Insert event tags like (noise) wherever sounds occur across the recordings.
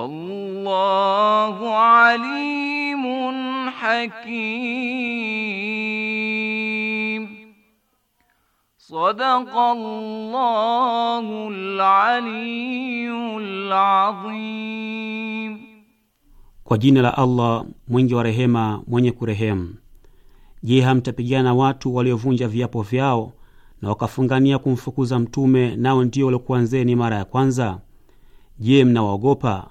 Wallahu alimun hakim. Sadakallahu al azim. Kwa jina la Allah mwingi wa rehema mwenye kurehemu. Je, hamtapigana watu waliovunja viapo vyao na wakafungania kumfukuza Mtume, nao ndio waliokuanzeni mara ya kwanza? Je, mnawaogopa?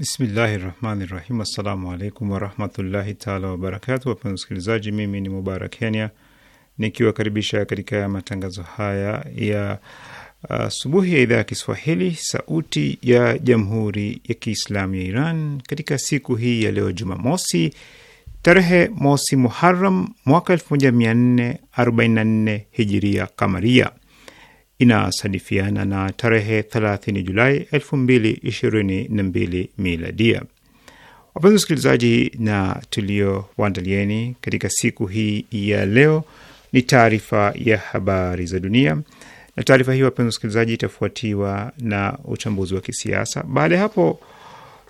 Bismillahi rahmani rahim. Assalamu alaikum warahmatullahi taala wabarakatu. Wapenzi wasikilizaji, mimi ni Mubarak Kenya nikiwakaribisha katika matangazo haya ya uh, asubuhi uh, ya idhaa ya Kiswahili sauti ya jamhuri ya Kiislamu ya Iran katika siku hii ya leo Jumamosi tarehe mosi muharam mwaka 1444 hijiria kamaria inasadifiana na tarehe 30 Julai 2022 miladia. Wapenzi wasikilizaji, na tuliowaandalieni katika siku hii ya leo ni taarifa ya habari za dunia, na taarifa hii wapenzi wasikilizaji, itafuatiwa na uchambuzi wa kisiasa. Baada ya hapo,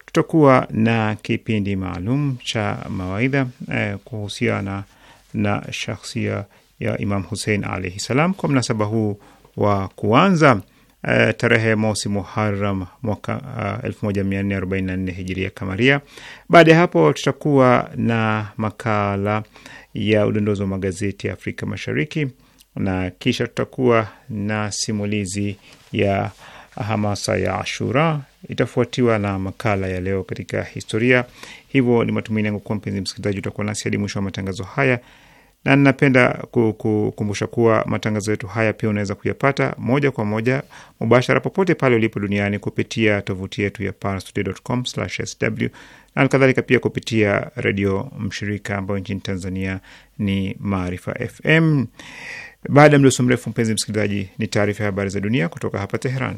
tutakuwa na kipindi maalum cha mawaidha eh, kuhusiana na shakhsia ya Imam husein alaihi salam. Kwa mnasaba huu wa kuanza Uh, tarehe mosi muharam mwaka uh, eh, 1444 hijiria kamaria. Baada ya hapo tutakuwa na makala ya udondozi wa magazeti ya Afrika Mashariki na kisha tutakuwa na simulizi ya hamasa ya Ashura, itafuatiwa na makala ya leo katika historia. Hivyo ni matumaini yangu kuwa mpenzi msikilizaji utakuwa nasi hadi mwisho wa matangazo haya na ninapenda kukumbusha kuwa matangazo yetu haya pia unaweza kuyapata moja kwa moja mubashara popote pale ulipo duniani kupitia tovuti yetu ya parstoday.com/sw na kadhalika, pia kupitia redio mshirika ambayo nchini Tanzania ni Maarifa FM. Baada ya mdoso mrefu, mpenzi msikilizaji, ni taarifa ya habari za dunia kutoka hapa Teheran.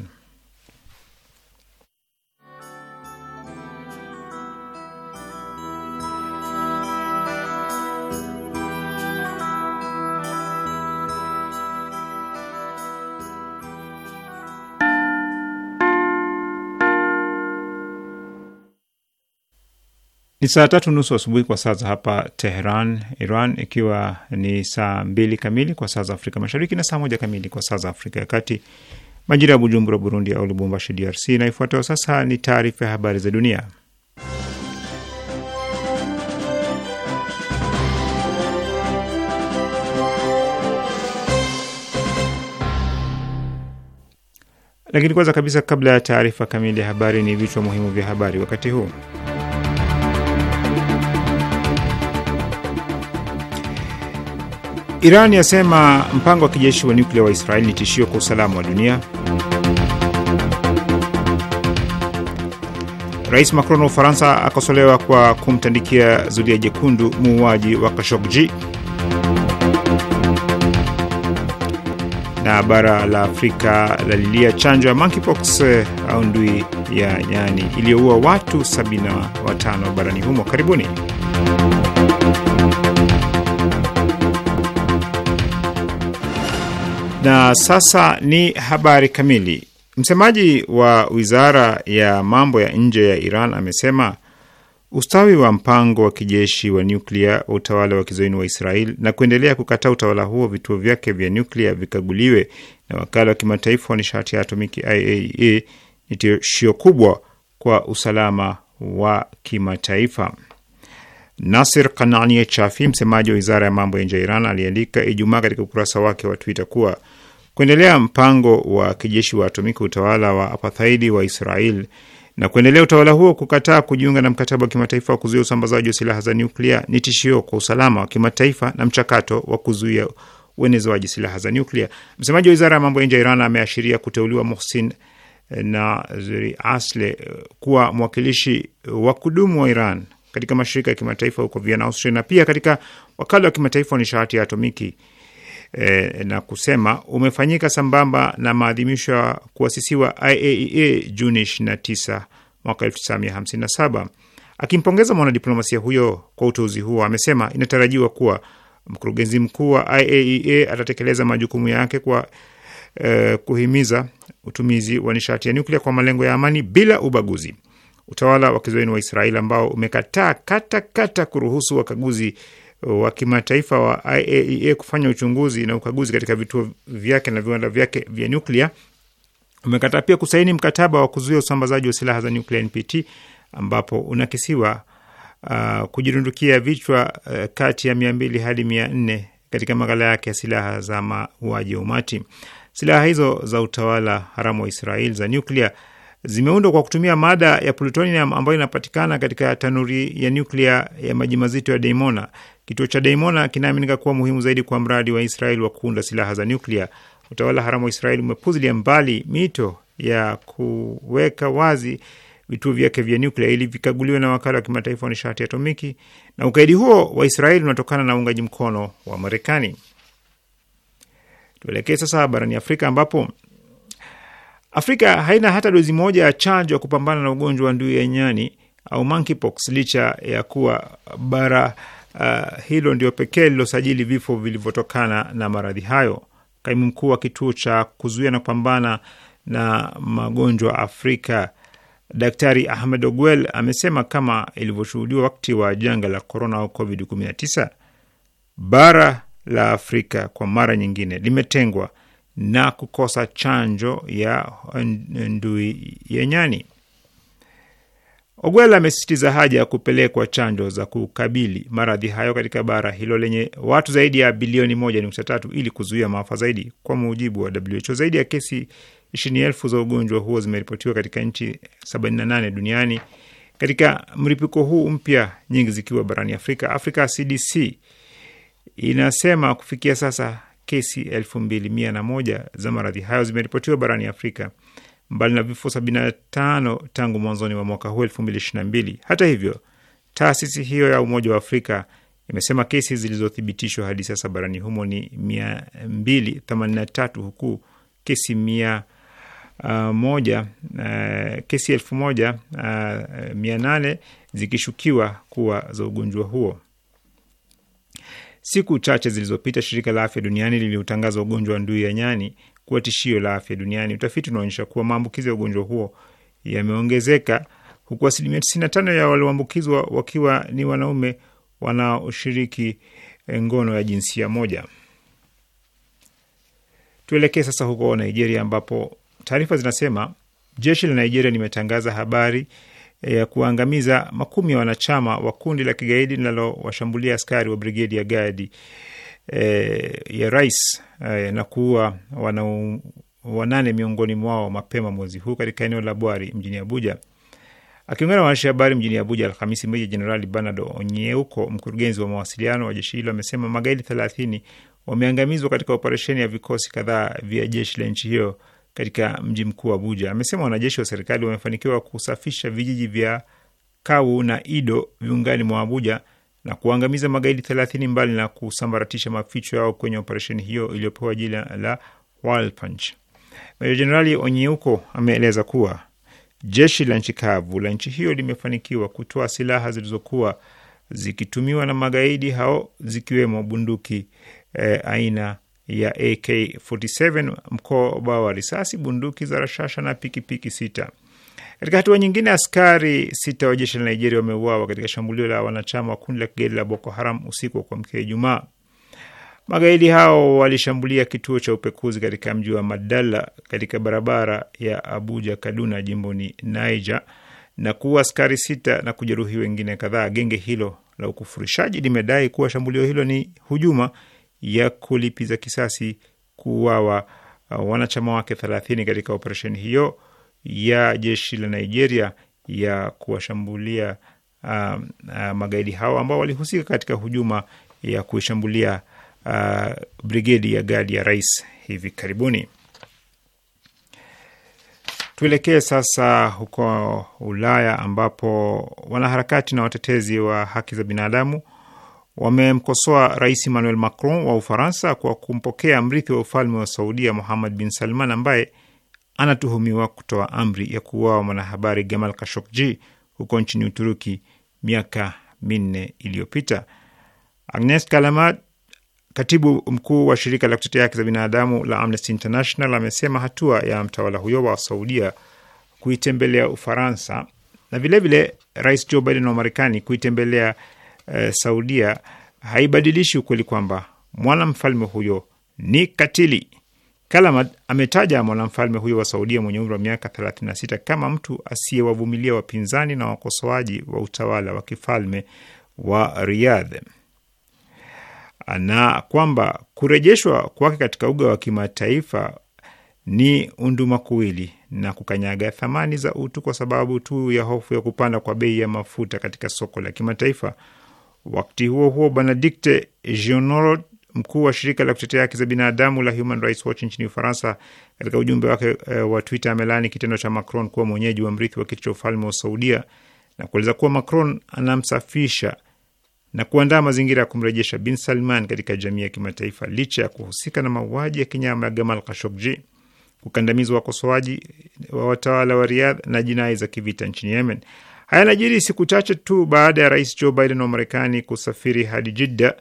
Ni saa tatu nusu asubuhi kwa saa za hapa Teheran, Iran, ikiwa ni saa mbili kamili kwa saa za Afrika Mashariki na saa moja kamili kwa saa za Afrika ya Kati, majira ya Bujumbura, Burundi, au Lubumbashi, DRC. Na ifuatayo sasa ni taarifa ya habari za dunia, lakini kwanza kabisa, kabla ya taarifa kamili ya habari, ni vichwa muhimu vya habari wakati huu. Iran yasema mpango wa kijeshi wa nyuklia wa Israeli ni tishio kwa usalama wa dunia. Rais Macron wa Ufaransa akosolewa kwa kumtandikia zulia jekundu muuaji wa Kashogji. Na bara la Afrika lalilia chanjo ya monkeypox eh, au ndui ya nyani iliyoua watu 75 barani humo. Karibuni. Na sasa ni habari kamili. Msemaji wa wizara ya mambo ya nje ya Iran amesema ustawi wa mpango wa kijeshi wa nyuklia wa utawala wa kizoini wa Israel na kuendelea kukataa utawala huo vituo vyake vya nyuklia vikaguliwe na wakala wa kimataifa wa nishati ya atomiki IAEA e, ni tishio kubwa kwa usalama wa kimataifa. Nasir Kanani Chafi, msemaji wa wizara ya mambo ya nje ya Iran, aliandika Ijumaa katika ukurasa wake wa Twitter kuwa kuendelea mpango wa kijeshi wa atomiki utawala wa apathaidi wa Israel na kuendelea utawala huo kukataa kujiunga na mkataba wa kimataifa wa kuzuia usambazaji wa silaha za nyuklia ni tishio kwa usalama wa kimataifa na mchakato wa kuzuia uenezaji silaha za nyuklia. Msemaji wa wizara ya mambo ya nje ya Iran ameashiria kuteuliwa Mohsin Naziri Asle kuwa mwakilishi wa kudumu wa Iran katika mashirika ya kimataifa huko Vienna, Austria, na pia katika wakala wa kimataifa wa nishati ya atomiki e, na kusema umefanyika sambamba na maadhimisho ya kuasisiwa IAEA e Juni 29 mwaka 1957. Akimpongeza mwanadiplomasia huyo kwa uteuzi huo, amesema inatarajiwa kuwa mkurugenzi mkuu wa IAEA e atatekeleza majukumu yake kwa eh, kuhimiza utumizi wa nishati ya nyuklia kwa malengo ya amani bila ubaguzi utawala wa kizoeni wa Israeli ambao umekataa kata kata kuruhusu wakaguzi uh, wa kimataifa wa IAEA e kufanya uchunguzi na ukaguzi katika vituo vyake na viwanda vyake vya nyuklia umekataa pia kusaini mkataba wa kuzuia usambazaji wa silaha za nyuklia NPT, ambapo unakisiwa uh, kujirundukia vichwa uh, kati ya mia mbili hadi mia nne katika maghala yake ya silaha za mauaji ya umati. Silaha hizo za utawala haramu wa israel za nyuklia zimeundwa kwa kutumia mada ya plutonium ambayo inapatikana katika tanuri ya nyuklia ya maji mazito ya Daimona. Kituo cha Daimona kinaaminika kuwa muhimu zaidi kwa mradi wa Israel wa kuunda silaha za nyuklia. Utawala haramu wa Israel umepuzilia mbali mito ya kuweka wazi vituo vyake vya nyuklia ili vikaguliwe na wakala wa kimataifa wa nishati atomiki, na ukaidi huo wa Israel unatokana na uungaji mkono wa Marekani. Tuelekee sasa barani Afrika ambapo Afrika haina hata dozi moja ya chanjo ya kupambana na ugonjwa wa ndui ya nyani au monkeypox, licha ya kuwa bara uh, hilo ndio pekee lilosajili vifo vilivyotokana na maradhi hayo. Kaimu mkuu wa kituo cha kuzuia na kupambana na magonjwa Afrika Daktari Ahmed Ogwel amesema kama ilivyoshuhudiwa wakati wa janga la corona au COVID-19, bara la Afrika kwa mara nyingine limetengwa na kukosa chanjo ya ndui ya nyani. Ogwela amesisitiza haja ya kupelekwa chanjo za kukabili maradhi hayo katika bara hilo lenye watu zaidi ya bilioni 13 ili kuzuia maafa zaidi. Kwa mujibu wa WHO, zaidi ya kesi ishirini za ugonjwa huo zimeripotiwa katika nchi 78 duniani katika mlipuko huu mpya, nyingi zikiwa barani Afrika. afrika CDC inasema kufikia sasa kesi elfu mbili mia na moja za maradhi hayo zimeripotiwa barani Afrika, mbali na vifo 75 tangu mwanzoni wa mwaka huu 2022. Hata hivyo, taasisi hiyo ya Umoja wa Afrika imesema kesi zilizothibitishwa hadi sasa barani humo ni 283 huku kesi mia Uh, moja, uh, kesi elfu moja uh, mia nane zikishukiwa kuwa za ugonjwa huo. Siku chache zilizopita shirika la afya duniani liliutangaza ugonjwa wa ndui ya nyani kuwa tishio la afya duniani. Utafiti unaonyesha kuwa maambukizi ya ugonjwa huo yameongezeka huku asilimia 95 ya walioambukizwa wakiwa ni wanaume wanaoshiriki eh, ngono ya jinsia moja. Tuelekee sasa huko Nigeria, ambapo taarifa zinasema jeshi la Nigeria limetangaza habari ya kuangamiza makumi ya wanachama wa kundi la kigaidi linalowashambulia askari wa brigedi ya gadi e, ya rais e, na kuua wanane miongoni mwao mapema mwezi huu katika eneo la Bwari mjini Abuja. Akiungana na waandishi habari mjini Abuja Alhamisi, Meja Jenerali Bernard Onyeuko, mkurugenzi wa mawasiliano wa jeshi hilo, amesema magaidi thelathini wameangamizwa katika operesheni ya vikosi kadhaa vya jeshi la nchi hiyo katika mji mkuu Abuja. Amesema wanajeshi wa serikali wamefanikiwa kusafisha vijiji vya Kawu na Ido viungani mwa Abuja na kuangamiza magaidi thelathini mbali na kusambaratisha maficho yao kwenye operesheni hiyo iliyopewa jina la Wild-Punch. Meja Jenerali Onyeuko ameeleza kuwa jeshi la nchi kavu la nchi hiyo limefanikiwa kutoa silaha zilizokuwa zikitumiwa na magaidi hao zikiwemo bunduki eh, aina ya AK47, mkoba wa risasi, bunduki za rashasha na pikipiki sita. Katika hatua nyingine, askari sita wa jeshi la Nigeria wameuawa katika shambulio la wanachama wa kundi la kigaidi la Boko Haram usiku wa kuamkia Ijumaa. Magaidi hao walishambulia kituo cha upekuzi katika mji wa Madala katika barabara ya Abuja Kaduna jimboni Niger na kuua askari sita na kujeruhi wengine kadhaa. Genge hilo la ukufurishaji limedai kuwa shambulio hilo ni hujuma ya kulipiza kisasi kuuawa uh, wanachama wake thelathini katika operesheni hiyo ya jeshi la Nigeria ya kuwashambulia uh, uh, magaidi hao ambao walihusika katika hujuma ya kuishambulia uh, brigedi ya gadi ya rais hivi karibuni. Tuelekee sasa huko Ulaya ambapo wanaharakati na watetezi wa haki za binadamu wamemkosoa Rais Emmanuel Macron wa Ufaransa kwa kumpokea mrithi wa ufalme wa Saudia Muhammad bin Salman ambaye anatuhumiwa kutoa amri ya kuuawa mwanahabari Gamal Kashokji huko nchini Uturuki miaka minne iliyopita. Agnes kalamad katibu mkuu wa shirika la kutetea haki za binadamu la Amnesty International, amesema hatua ya mtawala huyo wa Saudia kuitembelea Ufaransa na vilevile Rais Joe Biden wa Marekani kuitembelea eh, Saudia haibadilishi ukweli kwamba mwanamfalme huyo ni katili. Kalamat ametaja mwanamfalme huyo wa Saudia mwenye umri wa miaka 36 kama mtu asiyewavumilia wapinzani na wakosoaji wa utawala wa kifalme wa Riyadh na kwamba kurejeshwa kwake katika uga wa kimataifa ni kuwili na kukanyaga thamani za utu kwa sababu tu ya hofu ya kupanda kwa bei ya mafuta katika soko la kimataifa. Wakati huo huo, Benedikte Gionorot, mkuu wa shirika la kutetea haki za binadamu la Human Rights Watch nchini Ufaransa, katika ujumbe wake uh, wa Twitter amelaani kitendo cha Macron kuwa mwenyeji wa mrithi wa kiti cha ufalme wa Saudia na kueleza kuwa Macron anamsafisha na kuandaa mazingira ya kumrejesha Bin Salman katika jamii ya kimataifa licha ya kuhusika na mauaji ya kinyama ya Gamal Khashoggi, kukandamizwa wakosoaji wa watawala wa Riyadh na jinai za kivita nchini Yemen. Haya siku chache tu baada ya rais Joe Biden wa Marekani kusafiri hadi Jidda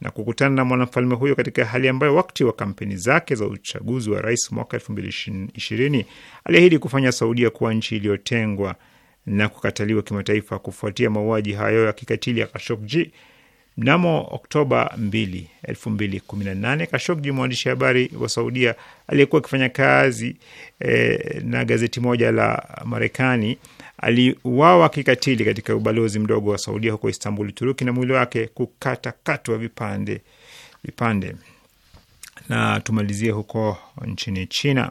na kukutana na mwanamfalme huyo katika hali ambayo wakati wa kampeni zake za uchaguzi wa rais mwaka elfu mbili ishirini aliahidi kufanya Saudia kuwa nchi iliyotengwa na kukataliwa kimataifa kufuatia mauaji hayo ya kikatili ya Kashokji mnamo Oktoba 2, 2018. Kashokji, mwandishi habari wa Saudia aliyekuwa akifanya kazi eh, na gazeti moja la Marekani aliuawa kikatili katika ubalozi mdogo wa Saudia huko Istanbul, Turuki, na mwili wake kukatakatwa vipande vipande. Na tumalizie huko nchini China.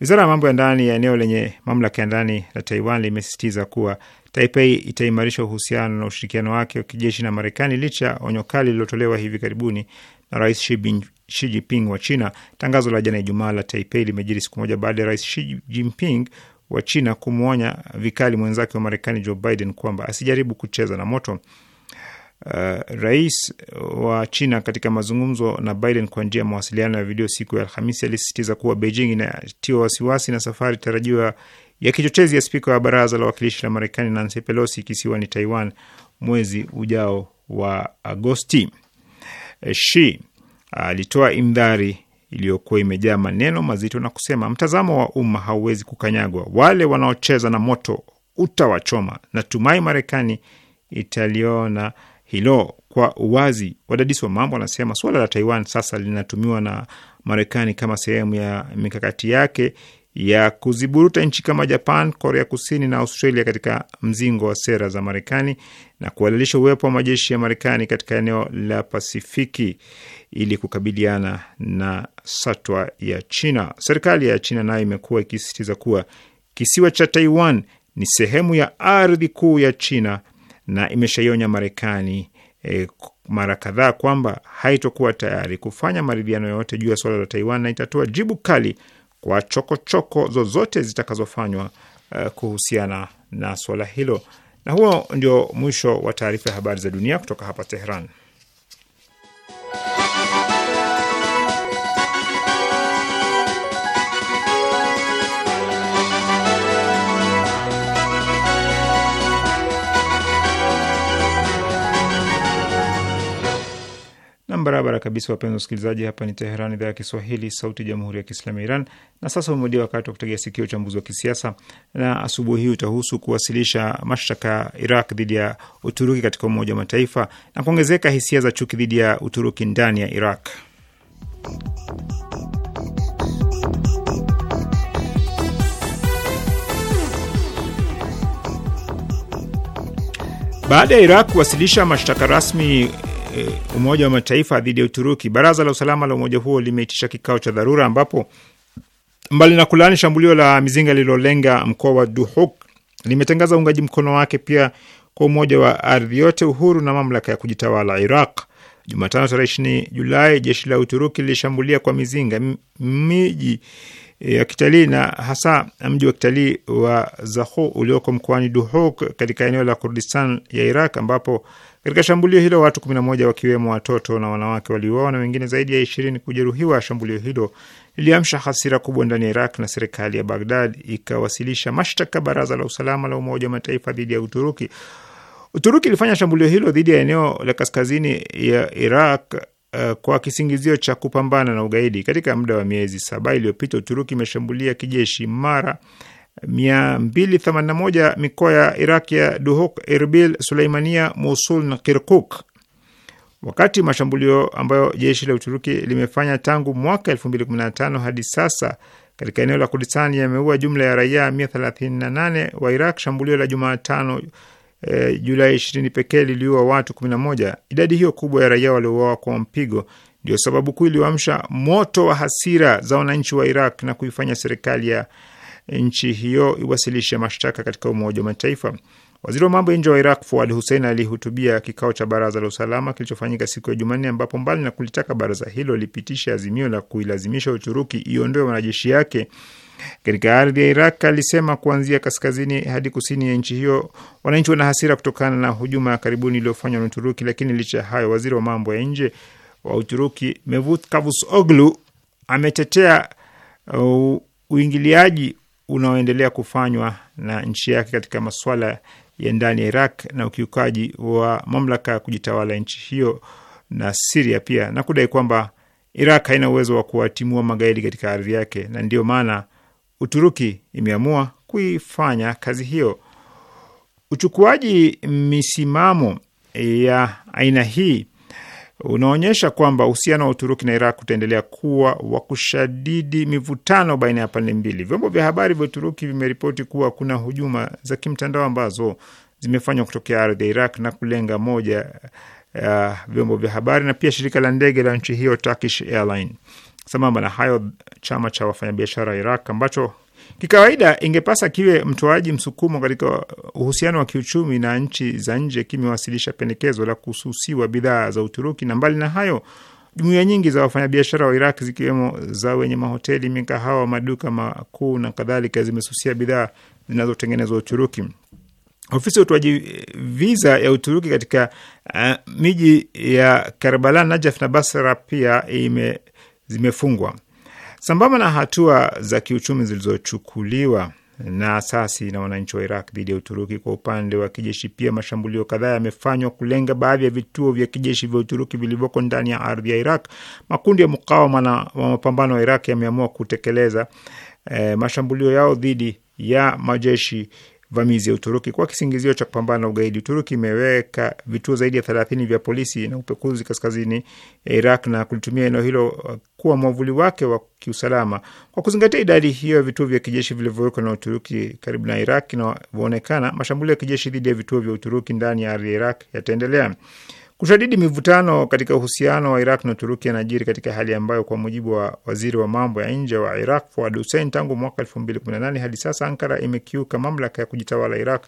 Wizara ya mambo ya ndani ya eneo lenye mamlaka ya ndani la Taiwan limesisitiza kuwa Taipei itaimarisha uhusiano na ushirikiano wake wa kijeshi na Marekani licha ya onyo kali lililotolewa hivi karibuni na Rais Xi Jinping wa China. Tangazo la jana Ijumaa la Taipei limejiri siku moja baada ya Rais Xi Jinping wa China kumwonya vikali mwenzake wa Marekani Joe Biden kwamba asijaribu kucheza na moto. Uh, rais wa China katika mazungumzo na Biden kwa njia ya mawasiliano ya video siku ya Alhamisi alisisitiza kuwa Beijing inatiwa wasiwasi na safari tarajiwa ya kichochezi ya spika wa baraza la wakilishi la Marekani Nancy Pelosi kisiwani Taiwan mwezi ujao wa Agosti. Shi uh, alitoa imdhari iliyokuwa imejaa maneno mazito na kusema, mtazamo wa umma hauwezi kukanyagwa, wale wanaocheza na moto utawachoma. Natumai Marekani italiona hilo kwa uwazi. Wadadisi wa mambo wanasema suala la Taiwan sasa linatumiwa na Marekani kama sehemu ya mikakati yake ya kuziburuta nchi kama Japan, Korea Kusini na Australia katika mzingo wa sera za Marekani na kuhalalisha uwepo wa majeshi ya Marekani katika eneo la Pasifiki ili kukabiliana na satwa ya China. Serikali ya China nayo imekuwa ikisisitiza kuwa kisiwa cha Taiwan ni sehemu ya ardhi kuu ya China na imeshaionya Marekani e, mara kadhaa kwamba haitokuwa tayari kufanya maridhiano yoyote juu ya suala la Taiwan na itatoa jibu kali kwa chokochoko choko zozote zitakazofanywa uh, kuhusiana na suala hilo. Na huo ndio mwisho wa taarifa ya habari za dunia kutoka hapa Tehran. na barabara kabisa, wapenzi wasikilizaji, hapa ni Teheran, idhaa ya Kiswahili, sauti ya jamhuri ya kiislamu ya Iran. Na sasa umewadia wakati wa kutegea sikio uchambuzi wa kisiasa, na asubuhi hii utahusu kuwasilisha mashtaka ya Iraq dhidi ya Uturuki katika Umoja wa Mataifa na kuongezeka hisia za chuki dhidi ya Uturuki ndani ya Iraq. Baada ya Iraq kuwasilisha mashtaka rasmi eh, Umoja wa Mataifa dhidi ya Uturuki. Baraza la usalama la umoja huo limeitisha kikao cha dharura ambapo mbali na kulaani shambulio la mizinga lililolenga mkoa wa Duhuk limetangaza uungaji mkono wake pia kwa umoja wa ardhi yote, uhuru na mamlaka ya kujitawala Iraq. Jumatano tarehe ishirini Julai, jeshi la Uturuki lilishambulia kwa mizinga miji eh, ya kitalii na hasa mji wa kitalii wa Zahu ulioko mkoani Duhok katika eneo la Kurdistan ya Iraq ambapo katika shambulio hilo watu 11 wakiwemo watoto na wanawake waliuawa na wengine zaidi ya 20 kujeruhiwa. Shambulio hilo liliamsha hasira kubwa ndani ya Iraq na serikali ya Baghdad ikawasilisha mashtaka baraza la usalama la Umoja wa Mataifa dhidi ya Uturuki. Uturuki ilifanya shambulio hilo dhidi ya eneo la kaskazini ya Iraq uh, kwa kisingizio cha kupambana na ugaidi. Katika muda wa miezi saba iliyopita, Uturuki imeshambulia kijeshi mara 281 mikoa ya Iraq ya Duhok, Erbil, Suleimania, Mosul na Kirkuk. Wakati mashambulio ambayo jeshi la Uturuki limefanya tangu mwaka 2015 hadi sasa katika eneo la Kurdistan yameua jumla ya raia 138 wa Iraq. Shambulio la Jumatano e, Julai 20 pekee liliua watu 11. Idadi hiyo kubwa ya raia waliouawa kwa mpigo ndio sababu kuu iliyoamsha moto wa hasira za wananchi wa Iraq na kuifanya serikali ya nchi hiyo iwasilishe mashtaka katika Umoja wa Mataifa. Waziri wa mambo ya nje wa Iraq Fuad Hussein alihutubia kikao cha Baraza la Usalama kilichofanyika siku ya Jumanne, ambapo mbali na kulitaka baraza hilo lipitishe azimio la kuilazimisha Uturuki iondoe wanajeshi yake katika ardhi ya Iraq, alisema kuanzia kaskazini hadi kusini ya nchi hiyo wananchi wana hasira kutokana na hujuma ya karibuni iliyofanywa na Uturuki. Lakini licha ya hayo, waziri wa mambo ya nje wa Uturuki Mevlut Cavusoglu ametetea uh, uingiliaji unaoendelea kufanywa na nchi yake katika masuala ya ndani ya Iraq na ukiukaji wa mamlaka ya kujitawala nchi hiyo na Siria pia, na kudai kwamba Iraq haina uwezo wa kuwatimua magaidi katika ardhi yake, na ndiyo maana Uturuki imeamua kuifanya kazi hiyo. Uchukuaji misimamo ya aina hii unaonyesha kwamba uhusiano wa Uturuki na Iraq utaendelea kuwa wa kushadidi mivutano baina ya pande mbili. Vyombo vya habari vya Uturuki vimeripoti kuwa kuna hujuma za kimtandao ambazo zimefanywa kutokea ardhi ya Iraq na kulenga moja ya uh, vyombo vya habari na pia shirika la ndege la nchi hiyo Turkish Airline. Sambamba na hayo, chama cha wafanyabiashara wa Iraq ambacho Kikawaida ingepasa kiwe mtoaji msukumo katika uhusiano wa kiuchumi na nchi za nje kimewasilisha pendekezo la kususiwa bidhaa za Uturuki, na mbali na hayo jumuiya nyingi za wafanyabiashara wa Iraq zikiwemo za wenye mahoteli, mikahawa, maduka makuu na kadhalika zimesusia bidhaa zinazotengenezwa Uturuki. Ofisi ya utoaji viza ya Uturuki katika uh, miji ya Karbala, Najaf na Basra pia ime, zimefungwa. Sambamba na hatua za kiuchumi zilizochukuliwa na asasi na wananchi wa Iraq dhidi ya Uturuki kwa upande wa kijeshi, pia mashambulio kadhaa yamefanywa kulenga baadhi ya vituo vya kijeshi vya Uturuki vilivyoko ndani ya ardhi ya Iraq. Makundi ya mukawama na wa mapambano wa Iraq yameamua kutekeleza eh, mashambulio yao dhidi ya majeshi vamizi ya Uturuki kwa kisingizio cha kupambana na ugaidi. Uturuki imeweka vituo zaidi ya thelathini vya polisi na upekuzi kaskazini ya eh, Iraq na kulitumia eneo hilo uh, kuwa mwavuli wake wa kiusalama. Kwa kuzingatia idadi hiyo ya vituo vya kijeshi vilivyowekwa na Uturuki karibu na Iraq inavyoonekana, mashambulio ya kijeshi dhidi ya vituo vya Uturuki ndani ya ardhi ya Iraq yataendelea. Kushadidi mivutano katika uhusiano wa Iraq na Uturuki yanajiri katika hali ambayo kwa mujibu wa waziri wa mambo ya nje wa Iraq Fuad Hussein, tangu mwaka 2018 hadi sasa Ankara imekiuka mamlaka ya kujitawala Iraq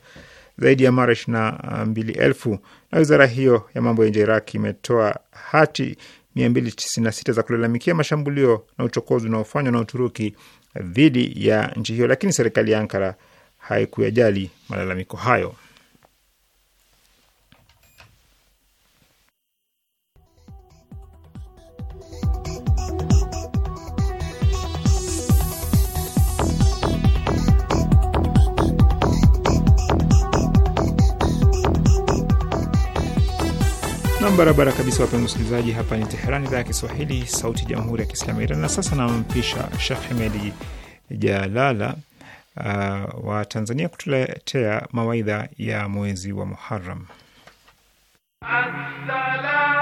zaidi ya mara 22,000 na wizara hiyo ya mambo ya nje ya Iraq imetoa hati 296 za kulalamikia mashambulio na uchokozi unaofanywa na Uturuki dhidi ya nchi hiyo, lakini serikali ya Ankara haikuyajali malalamiko hayo. Nam barabara kabisa, wapenzi wasikilizaji, hapa ni Teherani, idhaa ya Kiswahili, sauti ya jamhuri ya kiislamu ya Iran. Na sasa nampisha Shekh Hemedi Jalala uh, wa Tanzania kutuletea mawaidha ya mwezi wa Muharram. Assalam.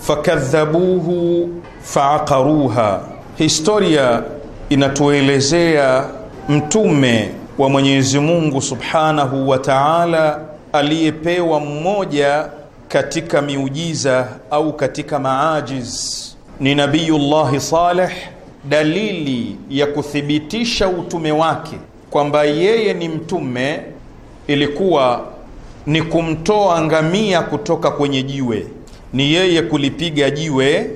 fakadhabuhu faakaruha. Historia inatuelezea mtume wa Mwenyezi Mungu Subhanahu wa Ta'ala aliyepewa mmoja katika miujiza au katika maajiz ni Nabiyullahi Saleh. Dalili ya kuthibitisha utume wake kwamba yeye ni mtume ilikuwa ni kumtoa ngamia kutoka kwenye jiwe ni yeye kulipiga jiwe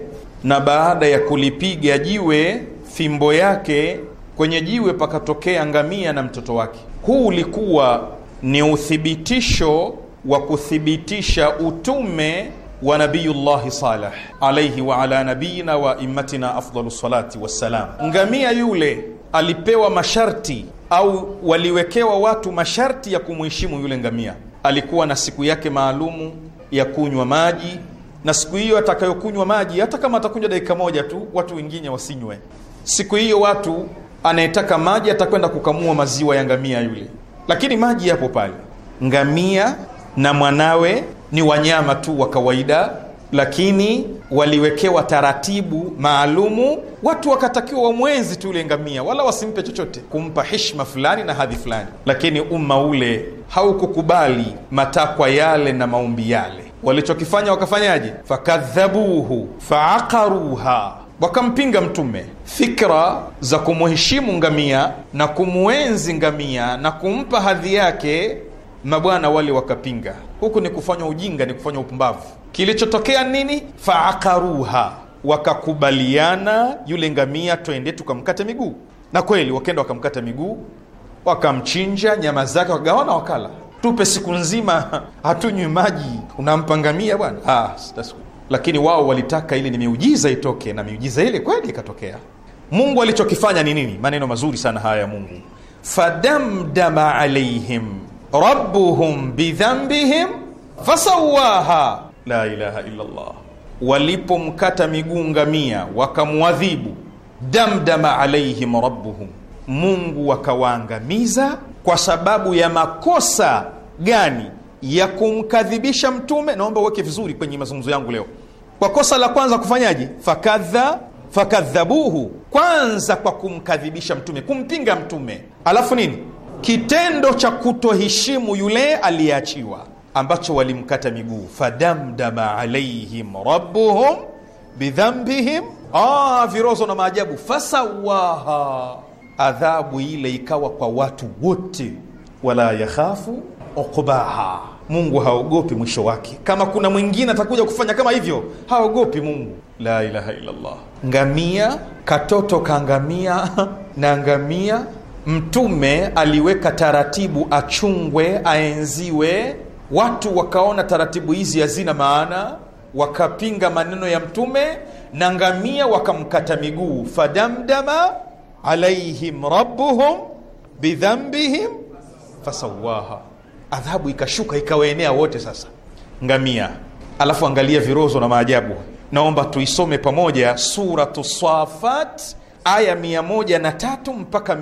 na baada ya kulipiga jiwe fimbo yake kwenye jiwe pakatokea ngamia na mtoto wake. Huu ulikuwa ni uthibitisho wa kuthibitisha utume wa Nabiyullahi Saleh alaihi wa ala nabiyina wa immatina afdalu salati wassalam. Ngamia yule alipewa masharti au waliwekewa watu masharti ya kumheshimu yule ngamia. Alikuwa na siku yake maalumu ya kunywa maji na siku hiyo atakayokunywa maji, hata kama atakunywa dakika moja tu, watu wengine wasinywe siku hiyo. Watu anayetaka maji atakwenda kukamua maziwa ya ngamia yule, lakini maji yapo pale. Ngamia na mwanawe ni wanyama tu wa kawaida, lakini waliwekewa taratibu maalumu. Watu wakatakiwa wamwenzi tu ule ngamia, wala wasimpe chochote, kumpa heshima fulani na hadhi fulani, lakini umma ule haukukubali matakwa yale na maombi yale walichokifanya wakafanyaje? Fakadhabuhu faaqaruha, wakampinga Mtume. Fikra za kumuheshimu ngamia na kumuenzi ngamia na kumpa hadhi yake, mabwana wale wakapinga. Huku ni kufanywa ujinga, ni kufanywa upumbavu. Kilichotokea nini? Faaqaruha, wakakubaliana yule ngamia, twende tukamkate miguu. Na kweli wakenda wakamkata miguu, wakamchinja, nyama zake wakagawana, wakala tupe siku nzima hatunywi maji, unampangamia bwana? Ah, lakini wao walitaka ili ni miujiza itoke, na miujiza ile kweli ikatokea. Mungu alichokifanya ni nini? Maneno mazuri sana haya ya Mungu, fadamdama alaihim rabbuhum bidhambihim fasawaha la ilaha illallah. Walipomkata miguu ngamia wakamwadhibu, damdama alaihim rabbuhum, Mungu wakawaangamiza kwa sababu ya makosa gani ya kumkadhibisha Mtume? Naomba uweke vizuri kwenye mazungumzo yangu leo. Kwa kosa la kwanza kufanyaje? fakadha fakadhabuhu, kwanza kwa kumkadhibisha Mtume, kumpinga Mtume. Alafu nini? Kitendo cha kutoheshimu yule aliyeachiwa ambacho walimkata miguu. Fadamdama alaihim rabbuhum bidhambihim, ah, virozo na maajabu. Fasawaha adhabu ile ikawa kwa watu wote, wala yakhafu ukubaha, Mungu haogopi mwisho wake. Kama kuna mwingine atakuja kufanya kama hivyo, haogopi Mungu. La ilaha illallah. Ngamia, katoto kangamia (laughs) na ngamia, Mtume aliweka taratibu achungwe, aenziwe. Watu wakaona taratibu hizi hazina maana, wakapinga maneno ya Mtume na ngamia wakamkata miguu, fadamdama alaihim rabbuhum bidhambihim fasawaha, adhabu ikashuka ikawaenea wote. Sasa ngamia, alafu angalia virozo na maajabu. Naomba tuisome pamoja Suratu safat aya tatu mpaka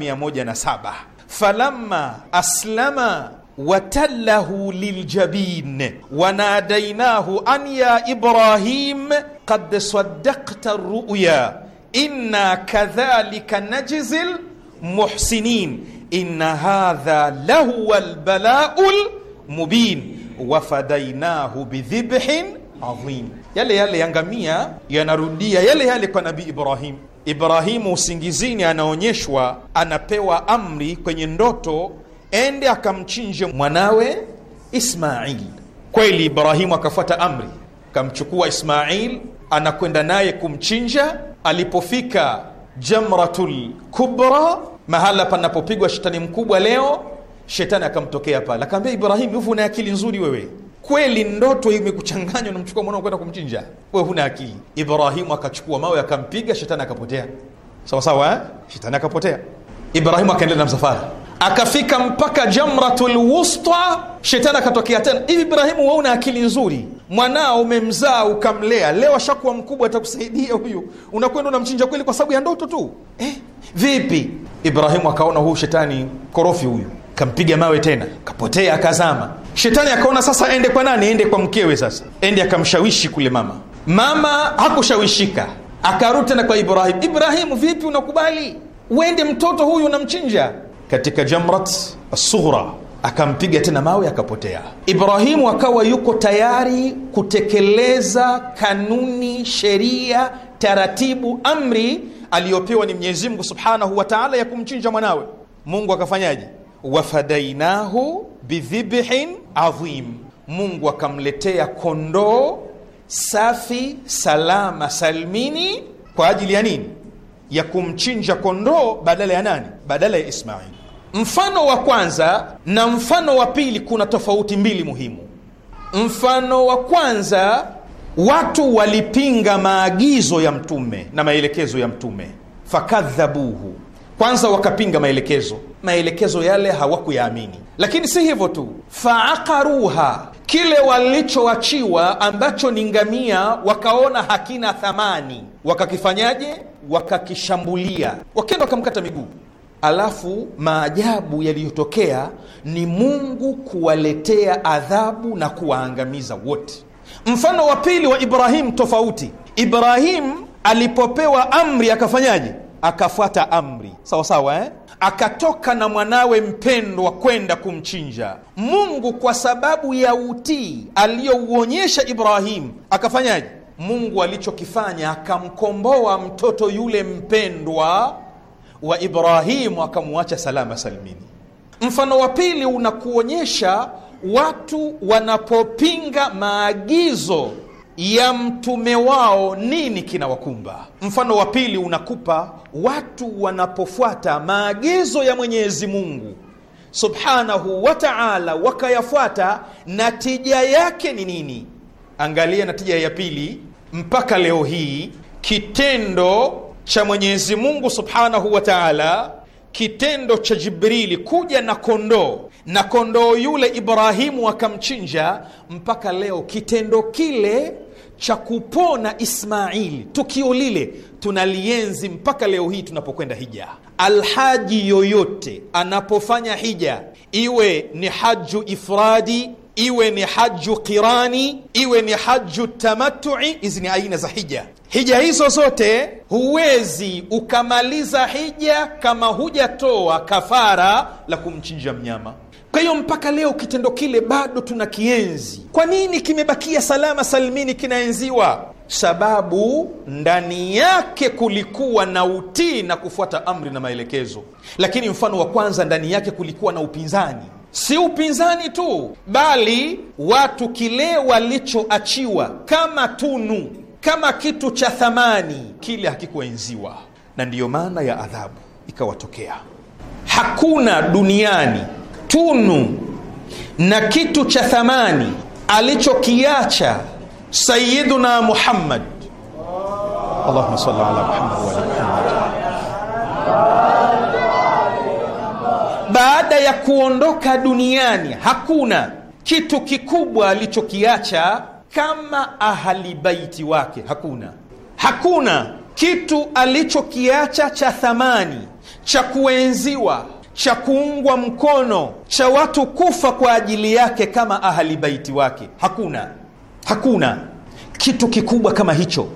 saba Falamma aslama watallahu liljabin wanadainahu an ya Ibrahim kad sadakta ruya inna kadhalika najzil muhsinin inna hadha lahuwa lbalaul mubin wafadainahu bidhibhin adhim. Yale yale ya ngamia yanarudia yale yale kwa Nabii Ibrahim. Ibrahimu usingizini, anaonyeshwa anapewa amri kwenye ndoto, ende akamchinje mwanawe Ismail. Kweli Ibrahimu akafuata amri, akamchukua Ismail, anakwenda naye kumchinja alipofika Jamratul Kubra, mahala panapopigwa shetani mkubwa leo, shetani akamtokea pale, akaambia Ibrahimu, huvu una akili nzuri wewe kweli ndoto imekuchanganywa, namchukua mwanao kwenda kumchinja, we huna akili. Ibrahimu akachukua mawe akampiga, shetani akapotea. Sawasawa eh? Shetani akapotea, Ibrahimu akaendelea na msafara akafika mpaka jamratul wusta, shetani akatokea tena. Hivi Ibrahimu, wewe una akili nzuri, mwanao umemzaa ukamlea, leo ashakuwa mkubwa, atakusaidia huyu, unakwenda unamchinja kweli kwa sababu ya ndoto tu eh? Vipi? Ibrahimu akaona huyu shetani korofi huyu, kampiga mawe tena, kapotea, akazama. Shetani akaona sasa ende kwa nani? Ende kwa mkewe. Sasa ende akamshawishi kule mama. Mama hakushawishika, akarudi tena kwa Ibrahimu. Ibrahimu, vipi, unakubali uende mtoto huyu unamchinja? katika Jamrat Sughra akampiga tena mawe akapotea. Ibrahimu akawa yuko tayari kutekeleza kanuni, sheria, taratibu, amri aliyopewa ni Mwenyezi Mungu Subhanahu wa Ta'ala ya kumchinja mwanawe. Mungu akafanyaje? wafadainahu bidhibhin adhim, Mungu akamletea kondoo safi salama salmini. Kwa ajili ya nini? Ya kumchinja kondoo badala ya nani? Badala ya Ismail. Mfano wa kwanza na mfano wa pili kuna tofauti mbili muhimu. Mfano wa kwanza, watu walipinga maagizo ya Mtume na maelekezo ya Mtume, fakadhabuhu, kwanza wakapinga maelekezo, maelekezo yale hawakuyaamini. Lakini si hivyo tu, faakaruha, kile walichoachiwa ambacho ni ngamia, wakaona hakina thamani, wakakifanyaje? Wakakishambulia, wakenda wakamkata miguu Alafu maajabu yaliyotokea ni Mungu kuwaletea adhabu na kuwaangamiza wote. Mfano wa pili wa ibrahimu tofauti. ibrahimu alipopewa amri akafanyaje? Akafuata amri sawasawa, eh? Akatoka na mwanawe mpendwa kwenda kumchinja. Mungu kwa sababu ya utii aliyouonyesha Ibrahimu akafanyaje? Mungu alichokifanya akamkomboa mtoto yule mpendwa wa Ibrahimu akamwacha salama salimini. Mfano wa pili unakuonyesha watu wanapopinga maagizo ya mtume wao nini kinawakumba. Mfano wa pili unakupa watu wanapofuata maagizo ya Mwenyezi Mungu subhanahu wa taala, wakayafuata, natija yake ni nini? Angalia natija ya pili mpaka leo hii, kitendo cha Mwenyezi Mungu subhanahu wa taala, kitendo cha Jibrili kuja na kondoo na kondoo yule Ibrahimu akamchinja mpaka leo, kitendo kile cha kupona Ismaili, tukio lile tunalienzi mpaka leo hii tunapokwenda hija. Alhaji yoyote anapofanya hija, iwe ni haju ifradi, iwe ni haju qirani, iwe ni haju tamatui, hizi ni aina za hija. Hija hizo zote huwezi ukamaliza hija kama hujatoa kafara la kumchinja mnyama. Kwa hiyo mpaka leo kitendo kile bado tuna kienzi. Kwa nini kimebakia salama salimini kinaenziwa? Sababu ndani yake kulikuwa na utii na kufuata amri na maelekezo, lakini mfano wa kwanza, ndani yake kulikuwa na upinzani. Si upinzani tu, bali watu kile walichoachiwa kama tunu kama kitu cha thamani kile hakikuenziwa, na ndiyo maana ya adhabu ikawatokea. Hakuna duniani tunu na kitu cha thamani alichokiacha Sayiduna Muhammad, Allahumma salli ala Muhammad wa Muhammad. Baada ya kuondoka duniani, hakuna kitu kikubwa alichokiacha kama ahali baiti wake. Hakuna, hakuna kitu alichokiacha cha thamani, cha kuenziwa, cha kuungwa mkono, cha watu kufa kwa ajili yake kama ahali baiti wake. Hakuna, hakuna kitu kikubwa kama hicho,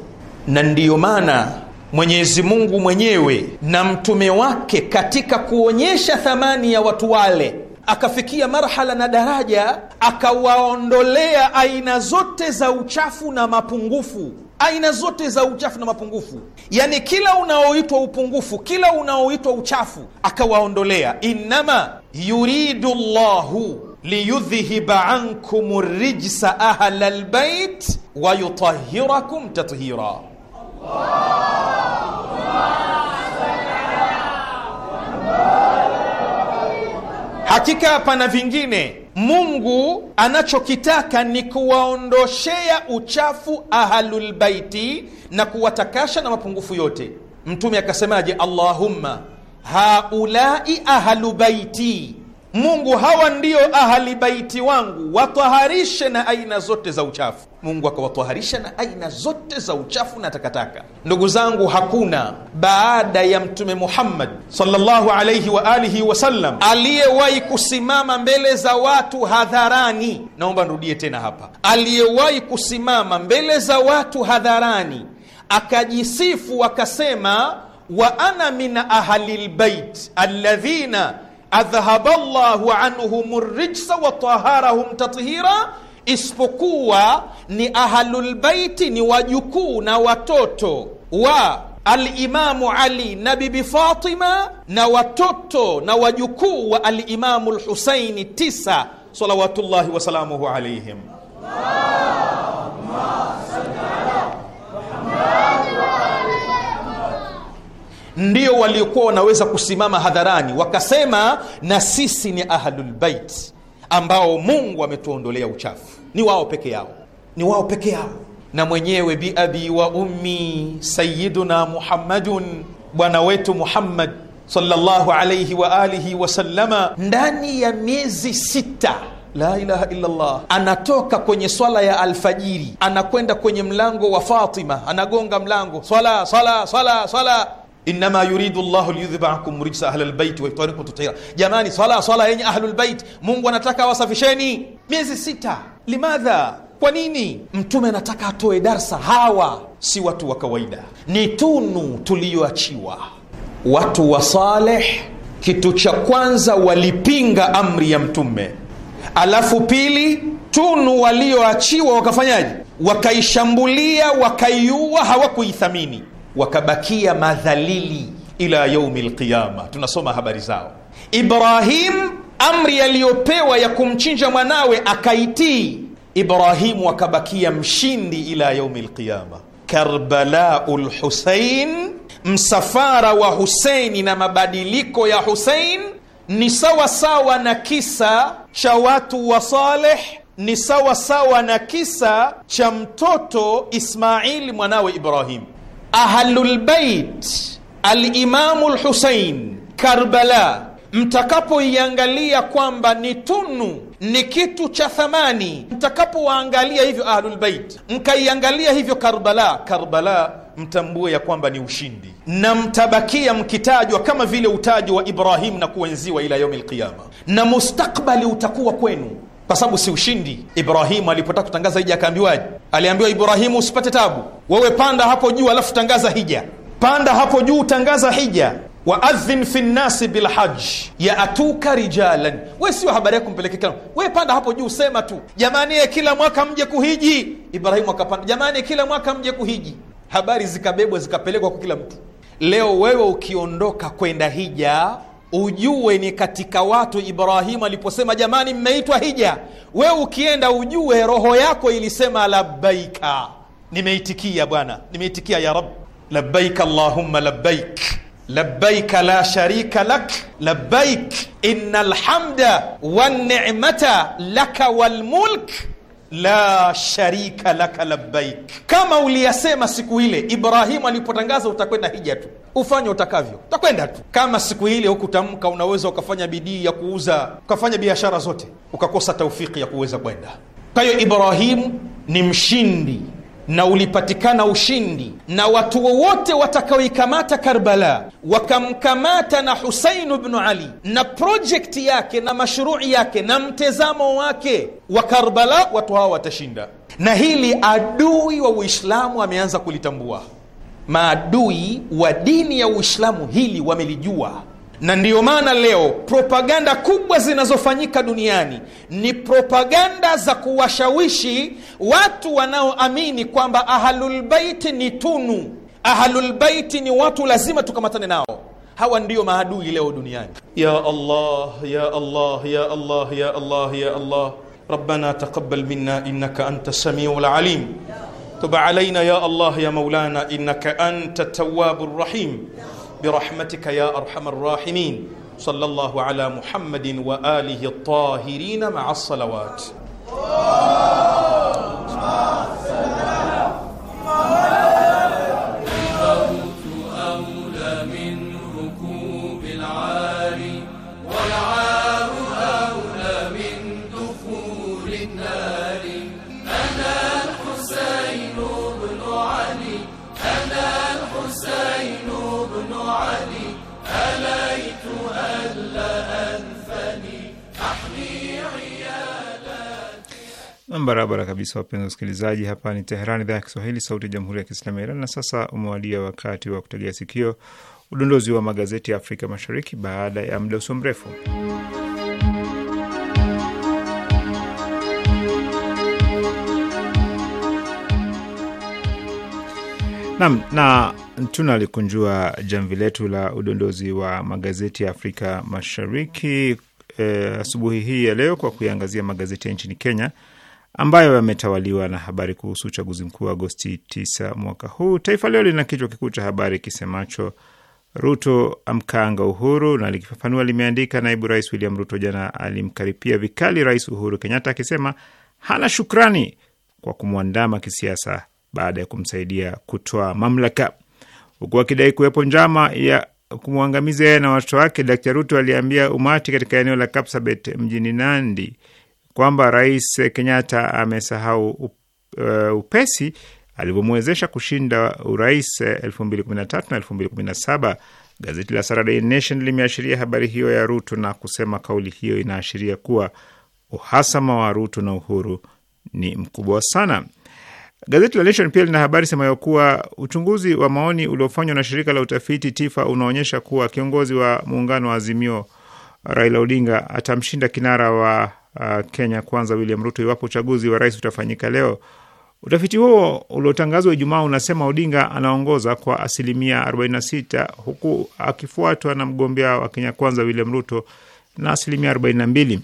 na ndiyo maana Mwenyezi Mungu mwenyewe na mtume wake katika kuonyesha thamani ya watu wale akafikia marhala na daraja akawaondolea aina zote za uchafu na mapungufu, aina zote za uchafu na mapungufu, yani kila unaoitwa upungufu, kila unaoitwa uchafu akawaondolea. Innama yuridu llahu liyudhhiba ankum rijsa ahla lbait wayutahirakum tathira Allah. Hakika pana vingine Mungu anachokitaka ni kuwaondoshea uchafu ahlulbaiti na kuwatakasha na mapungufu yote. Mtume akasemaje? Allahumma haulai ahlu baiti Mungu, hawa ndio ahali baiti wangu, wataharishe na aina zote za uchafu. Mungu akawataharisha na aina zote za uchafu na takataka. Ndugu zangu, hakuna baada ya Mtume Muhammad sallallahu alaihi wa alihi wasallam aliyewahi kusimama mbele za watu hadharani. Naomba nirudie tena hapa, aliyewahi kusimama mbele za watu hadharani akajisifu akasema, wa ana min ahlilbait alladhina adhhaba Allahu anhum rijsa wa taharahum tathira, isipokuwa ni ahlulbaiti ni wajukuu na watoto wa Alimamu Ali na Bibi Fatima na watoto na wajukuu wa Alimamu Lhusaini tisa salawatullahi wasalamuhu alaihim ndio waliokuwa wanaweza kusimama hadharani wakasema, na sisi ni ahlulbait ambao Mungu ametuondolea uchafu. Ni wao peke yao, ni wao peke yao. Na mwenyewe biabi wa ummi sayiduna Muhammadun, bwana wetu Muhammad sallallahu alaihi wa alihi wasallama, ndani ya miezi sita la ilaha illallah, anatoka kwenye swala ya alfajiri, anakwenda kwenye mlango wa Fatima, anagonga mlango, swala swala swala swala inma yuridu llah liyudhhiba ankum rijsa ahlil bait wa tathira. Jamani, swala swala yenye ahlul Mungu anataka wasafisheni. Miezi sita, limadha? Kwa nini? Mtume anataka atoe darsa. Hawa si watu wa kawaida, ni tunu tuliyoachiwa. Watu wa Saleh, kitu cha kwanza walipinga amri ya Mtume, alafu pili, tunu walioachiwa wakafanyaje? Wakaishambulia, wakaiua, hawakuithamini wakabakia madhalili ila yaumi lqiama. Tunasoma habari zao. Ibrahim, amri aliyopewa ya kumchinja mwanawe akaitii. Ibrahimu akabakia mshindi ila yaumi lqiama. Karbalau lhusein, msafara wa Huseini na mabadiliko ya Husein ni sawa sawa na kisa cha watu wa Saleh, ni sawa sawa na kisa cha mtoto Ismaili mwanawe Ibrahimu. Ahlulbeit Alimamu Lhusein Karbala, mtakapoiangalia kwamba ni tunu ni kitu cha thamani, mtakapowaangalia hivyo Ahlulbeit mkaiangalia hivyo Karbala, Karbala mtambue ya kwamba ni ushindi, na mtabakia mkitajwa kama vile utajwa wa Ibrahimu na kuenziwa ila yaumi lqiama na mustakbali utakuwa kwenu kwa sababu si ushindi. Ibrahimu alipotaka kutangaza hija akaambiwaje? Aliambiwa, Ibrahimu, usipate tabu, wewe panda hapo juu, alafu tangaza hija. Panda hapo juu, tangaza hija waadhin fi nnasi bilhaji ya atuka rijalan. We sio habari yako mpeleke kila we, panda hapo juu, sema tu jamani, eh, kila mwaka mje kuhiji. Ibrahimu akapanda, jamani, eh, kila mwaka mje kuhiji. Habari zikabebwa zikapelekwa kwa kila mtu. Leo wewe ukiondoka kwenda hija ujue ni katika watu Ibrahimu aliposema jamani, mmeitwa hija. We ukienda ujue roho yako ilisema labbaika, nimeitikia Bwana, nimeitikia ya Rab, labbaik allahumma labbaik labbaika la sharika lak labbaik inna lhamda wannicmata laka walmulk la sharika laka labbaik. Kama uliyasema siku ile Ibrahimu alipotangaza utakwenda hija tu ufanye utakavyo, utakwenda tu. Kama siku ile hukutamka, unaweza ukafanya bidii ya kuuza, ukafanya biashara zote, ukakosa taufiki ya kuweza kwenda. Kwa hiyo Ibrahimu ni mshindi na ulipatikana ushindi, na watu wowote watakaoikamata Karbala wakamkamata na Husainu bnu Ali na projekti yake na mashrui yake na mtazamo wake wa Karbala, watu hawa watashinda. Na hili adui wa Uislamu ameanza kulitambua maadui wa dini ya Uislamu hili wamelijua, na ndiyo maana leo propaganda kubwa zinazofanyika duniani ni propaganda za kuwashawishi watu wanaoamini kwamba ahlulbaiti ni tunu, ahlulbaiti ni watu lazima tukamatane nao. Hawa ndiyo maadui leo duniani. Ya Allah, ya Allah, ya Allah, ya Allah, ya Allah, rabbana taqabbal minna innaka anta samiu lalim تب علينا يا الله يا مولانا إنك أنت التواب الرحيم برحمتك يا أرحم الراحمين صلى الله على محمد وآله الطاهرين مع الصلوات barabara kabisa, wapenzi wasikilizaji. Hapa ni Teheran, idhaa ya Kiswahili, sauti ya jamhuri ya kiislamu ya Iran. Na sasa umewadia wakati wa kutegea sikio udondozi wa magazeti ya Afrika Mashariki baada ya muda usio mrefu. Nam na tunalikunjua jamvi letu la udondozi wa magazeti ya Afrika Mashariki eh, asubuhi e, hii ya leo kwa kuiangazia magazeti ya nchini Kenya ambayo yametawaliwa na habari kuhusu uchaguzi mkuu wa Agosti 9 mwaka huu. Taifa Leo lina kichwa kikuu cha habari kisemacho Ruto amkanga Uhuru, na likifafanua limeandika, naibu rais William Ruto jana alimkaripia vikali rais Uhuru Kenyatta akisema hana shukrani kwa kumwandama kisiasa baada ya kumsaidia kutoa mamlaka, huku akidai kuwepo njama ya kumwangamiza yeye na watoto wake. Dkt. Ruto aliambia umati katika eneo la Kapsabet mjini Nandi kwamba Rais Kenyatta amesahau uh, upesi alivyomwezesha kushinda urais 2013 na 2017. Gazeti la Saturday Nation limeashiria habari hiyo ya Ruto na kusema kauli hiyo inaashiria kuwa uhasama wa Ruto na Uhuru ni mkubwa sana. Gazeti la Nation pia lina habari semayo kuwa uchunguzi wa maoni uliofanywa na shirika la utafiti TIFA unaonyesha kuwa kiongozi wa muungano wa Azimio Raila Odinga atamshinda kinara wa uh, Kenya Kwanza William Ruto iwapo uchaguzi wa rais utafanyika leo. Utafiti huo uliotangazwa Ijumaa unasema Odinga anaongoza kwa asilimia 46 huku akifuatwa na mgombea wa Kenya Kwanza William Ruto na asilimia 42.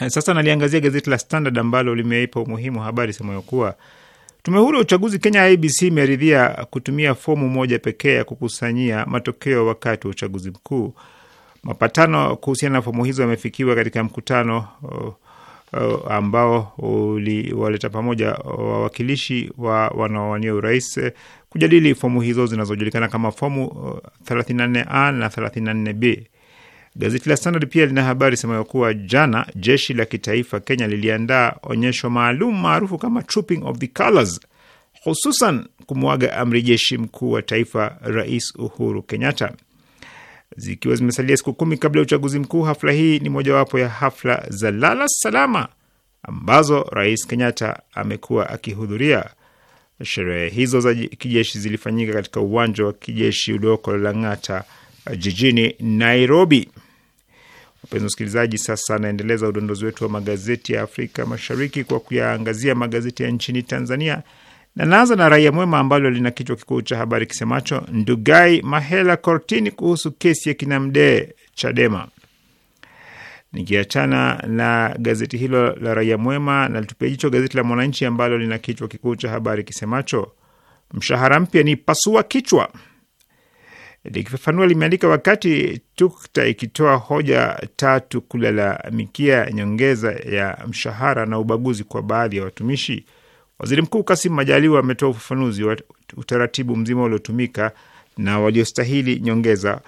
Eh, sasa naliangazia gazeti la Standard ambalo limeipa umuhimu habari semayo kuwa tume huru ya uchaguzi Kenya IBC imeridhia kutumia fomu moja pekee ya kukusanyia matokeo wakati wa uchaguzi mkuu. Mapatano kuhusiana na fomu hizo yamefikiwa katika mkutano uh, uh, ambao uliwaleta pamoja wawakilishi wa wanaowania urais eh, kujadili fomu hizo zinazojulikana kama fomu 34A na 34B. Gazeti la Standard pia lina habari semayo kuwa jana jeshi la kitaifa Kenya liliandaa onyesho maalum maarufu kama Trooping of the Colors, hususan kumwaga amri jeshi mkuu wa taifa Rais Uhuru Kenyatta. Zikiwa zimesalia siku kumi kabla ya uchaguzi mkuu, hafla hii ni mojawapo ya hafla za lala salama ambazo Rais Kenyatta amekuwa akihudhuria. Sherehe hizo za kijeshi zilifanyika katika uwanja wa kijeshi ulioko Lang'ata uh, jijini Nairobi. Wapenzi wasikilizaji, sasa naendeleza udondozi wetu wa magazeti ya Afrika Mashariki kwa kuyaangazia magazeti ya nchini Tanzania na naanza na Raia Mwema ambalo lina kichwa kikuu cha habari kisemacho Ndugai Mahela kortini kuhusu kesi ya kinamdee Chadema. Nikiachana na gazeti hilo la Raia Mwema, nalitupia jicho gazeti la Mwananchi ambalo lina kichwa kikuu cha habari kisemacho mshahara mpya ni pasua kichwa. Likifafanua limeandika wakati TUKTA ikitoa hoja tatu kulalamikia nyongeza ya mshahara na ubaguzi kwa baadhi ya watumishi Waziri Mkuu Kasim Majaliwa ametoa ufafanuzi wa utaratibu mzima uliotumika na waliostahili nyongeza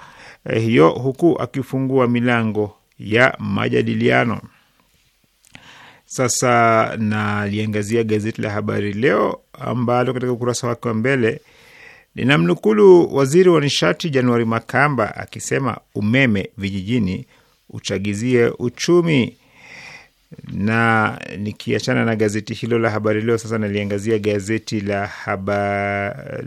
eh, hiyo huku akifungua milango ya majadiliano. Sasa naliangazia gazeti la Habari Leo ambalo katika ukurasa wake wa mbele linamnukulu waziri wa nishati Januari Makamba akisema umeme vijijini uchagizie uchumi na nikiachana na gazeti hilo la Habari Leo, sasa naliangazia gazeti la haba,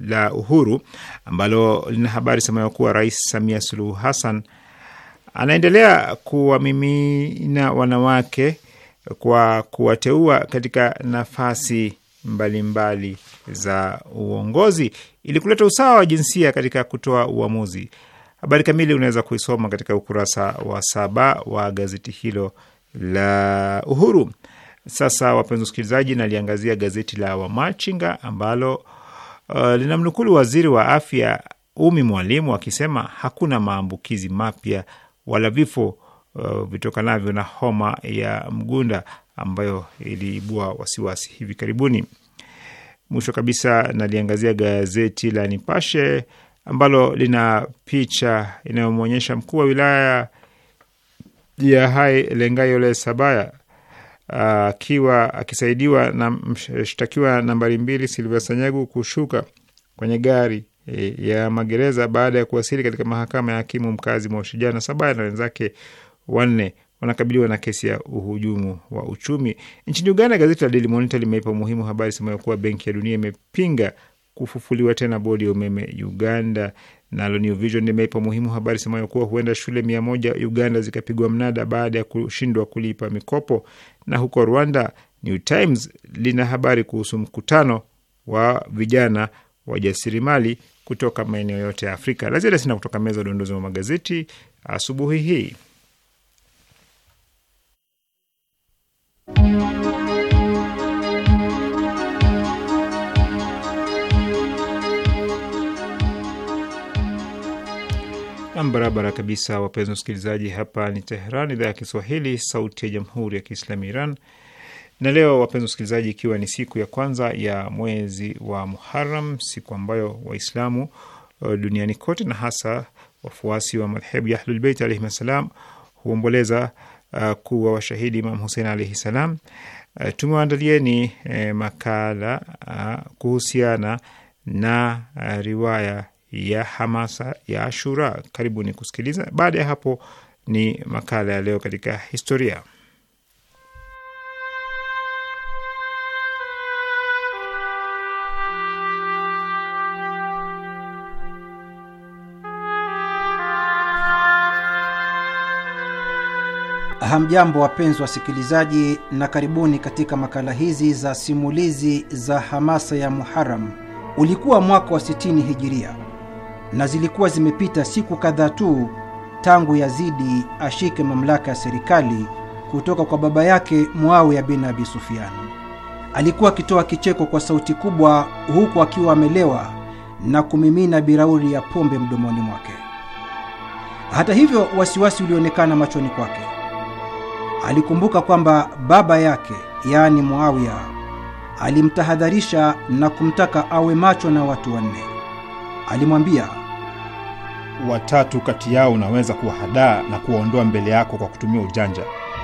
la Uhuru ambalo lina habari semayo kuwa Rais Samia Suluhu Hassan anaendelea kuwamimina wanawake kwa kuwateua katika nafasi mbalimbali mbali za uongozi ili kuleta usawa wa jinsia katika kutoa uamuzi. Habari kamili unaweza kuisoma katika ukurasa wa saba wa gazeti hilo la Uhuru. Sasa wapenzi wasikilizaji, naliangazia gazeti la Wamachinga ambalo uh, linamnukulu waziri wa afya Umi Mwalimu akisema hakuna maambukizi mapya wala vifo uh, vitokanavyo na homa ya mgunda ambayo iliibua wasiwasi hivi karibuni. Mwisho kabisa, naliangazia gazeti la Nipashe ambalo lina picha inayomwonyesha mkuu wa wilaya ya Hai Lengayole Sabaya ah, akiwa akisaidiwa na mshtakiwa nambari mbili Silvia Sanyagu kushuka kwenye gari e, ya magereza baada ya kuwasili katika mahakama ya hakimu mkazi jana. Sabaya na wenzake wanne wanakabiliwa na kesi ya uhujumu wa uchumi. Nchini Uganda, gazeti la Daily Monitor limeipa umuhimu habari semayo kuwa Benki ya Dunia imepinga kufufuliwa tena bodi ya umeme Uganda. Nalo New Vision limeipa muhimu habari semayo kuwa huenda shule mia moja Uganda zikapigwa mnada baada ya kushindwa kulipa mikopo. Na huko Rwanda, New Times lina habari kuhusu mkutano wa vijana wajasiriamali kutoka maeneo yote ya Afrika. Lazima sina kutoka meza udondozi wa magazeti asubuhi hii. barabara kabisa, wapenzi wasikilizaji, hapa ni tehran idhaa ya Kiswahili, sauti ya jamhuri ya kiislamu Iran. Na leo wapenzi wasikilizaji, ikiwa ni siku ya kwanza ya mwezi wa Muharam, siku ambayo Waislamu uh, duniani kote na hasa wafuasi wa madhehebu ya Ahlulbeit alaihim assalam huomboleza uh, kuwa washahidi Imam Husein alaihi salam. Uh, tumewaandalieni uh, makala uh, kuhusiana na uh, riwaya ya hamasa ya Ashura. Karibuni kusikiliza. Baada ya hapo ni makala ya leo katika historia. Hamjambo, wapenzi wasikilizaji, na karibuni katika makala hizi za simulizi za hamasa ya Muharam. Ulikuwa mwaka wa 60 hijiria na zilikuwa zimepita siku kadhaa tu tangu Yazidi ashike mamlaka ya serikali kutoka kwa baba yake Muawiya bin Abi Sufyan. Alikuwa akitoa kicheko kwa sauti kubwa, huku akiwa amelewa na kumimina birauri ya pombe mdomoni mwake. Hata hivyo, wasiwasi ulionekana machoni kwake. Alikumbuka kwamba baba yake, yaani Muawiya, alimtahadharisha na kumtaka awe macho na watu wanne. Alimwambia, watatu kati yao unaweza kuwahadaa na kuwaondoa mbele yako kwa kutumia ujanja,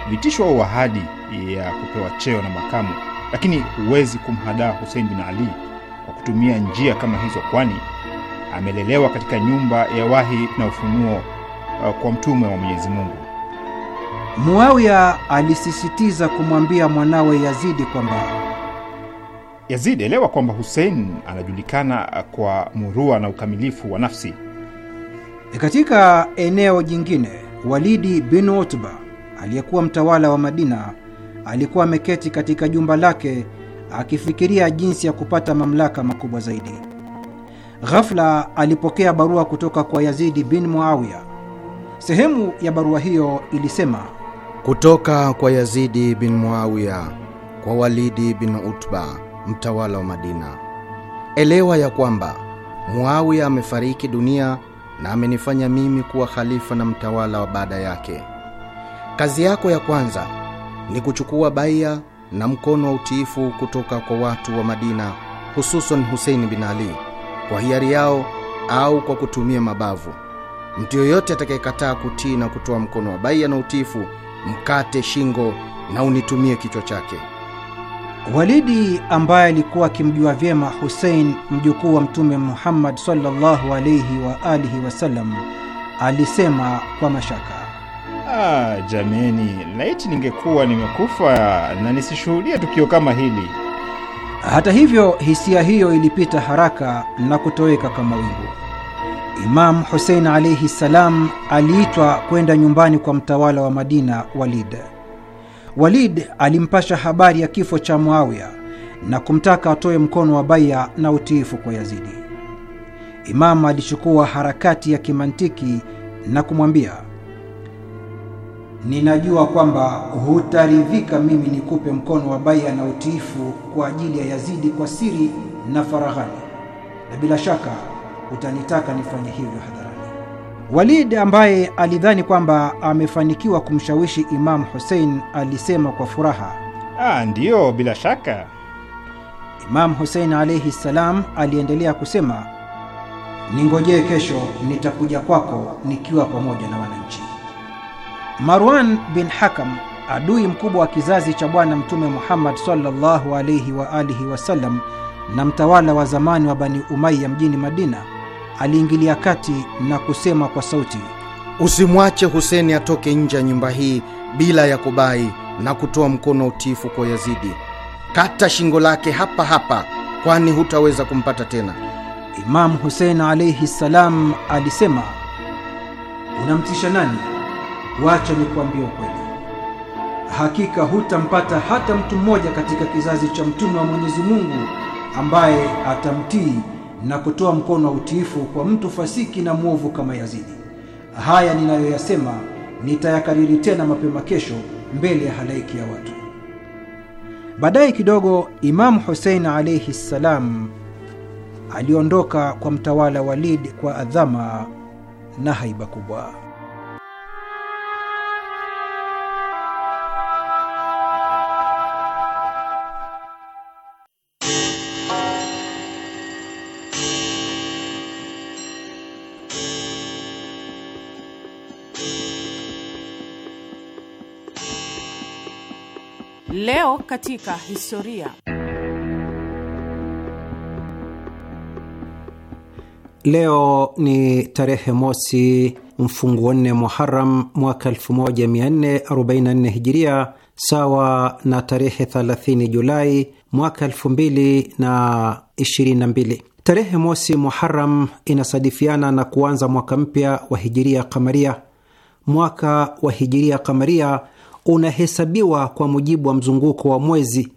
vitisho au ahadi ya kupewa cheo na makamu, lakini huwezi kumhadaa Husein bin Ali kwa kutumia njia kama hizo, kwani amelelewa katika nyumba ya wahi na ufunuo uh, kwa mtume wa Mwenyezi Mungu. Muawiya alisisitiza kumwambia mwanawe Yazidi kwamba Yazidi, elewa kwamba Husein anajulikana uh, kwa murua na ukamilifu wa nafsi E, katika eneo jingine, Walidi bin Utba aliyekuwa mtawala wa Madina alikuwa ameketi katika jumba lake akifikiria jinsi ya kupata mamlaka makubwa zaidi. Ghafla alipokea barua kutoka kwa Yazidi bin Muawiya. Sehemu ya barua hiyo ilisema: kutoka kwa Yazidi bin Muawiya kwa Walidi bin Utba, mtawala wa Madina, elewa ya kwamba Muawiya amefariki dunia na amenifanya mimi kuwa khalifa na mtawala wa baada yake. Kazi yako ya kwanza ni kuchukua baia na mkono wa utiifu kutoka kwa watu wa Madina, hususan huseini bin Ali, kwa hiari yao au kwa kutumia mabavu. Mtu yoyote atakayekataa kutii na kutoa mkono wa baia na utiifu, mkate shingo na unitumie kichwa chake. Walidi ambaye alikuwa akimjua vyema Husein mjukuu wa Mtume Muhammad sallallahu alaihi wa alihi wasallam alisema kwa mashaka, ah, jameni, laiti ningekuwa nimekufa na nisishuhudia tukio kama hili. Hata hivyo, hisia hiyo ilipita haraka na kutoweka kama wingu. Imamu Husein alaihi salam aliitwa kwenda nyumbani kwa mtawala wa Madina, Walid. Walid alimpasha habari ya kifo cha Muawiya na kumtaka atoe mkono wa baia na utiifu kwa Yazidi. Imamu alichukua harakati ya kimantiki na kumwambia, ninajua kwamba hutaridhika mimi nikupe mkono wa baia na utiifu kwa ajili ya Yazidi kwa siri na faraghani, na bila shaka utanitaka nifanye hivyo hadharani. Walid ambaye alidhani kwamba amefanikiwa kumshawishi Imamu Hussein alisema kwa furaha, ah, ndiyo, bila shaka. Imamu Hussein alaihi ssalam aliendelea kusema, ningojee kesho, nitakuja kwako nikiwa pamoja na wananchi. Marwan bin Hakam, adui mkubwa wa kizazi cha Bwana Mtume Muhammad sallallahu alaihi wa alihi wasallam na mtawala wa zamani wa Bani Umaya mjini Madina aliingilia kati na kusema kwa sauti, usimwache Huseni atoke nje ya nyumba hii bila ya kubai na kutoa mkono utifu utiifu kwa Yazidi. Kata shingo lake hapa hapa, kwani hutaweza kumpata tena. Imamu Husein alaihi ssalam alisema, unamtisha nani? Wacha nikuambie ukweli, hakika hutampata hata mtu mmoja katika kizazi cha mtume wa Mwenyezi Mungu ambaye atamtii na kutoa mkono wa utiifu kwa mtu fasiki na mwovu kama Yazidi. Haya ninayoyasema nitayakariri tena mapema kesho mbele ya halaiki ya watu. Baadaye kidogo, Imamu Husein alaihi ssalam aliondoka kwa mtawala Walid kwa adhama na haiba kubwa. Leo katika historia. Leo ni tarehe mosi mfunguo nne Muharam mwaka 1444 Hijiria, sawa na tarehe 30 Julai mwaka 2022. Tarehe mosi Muharam inasadifiana na kuanza mwaka mpya wa Hijiria Kamaria. Mwaka wa Hijiria Kamaria unahesabiwa kwa mujibu wa mzunguko wa mwezi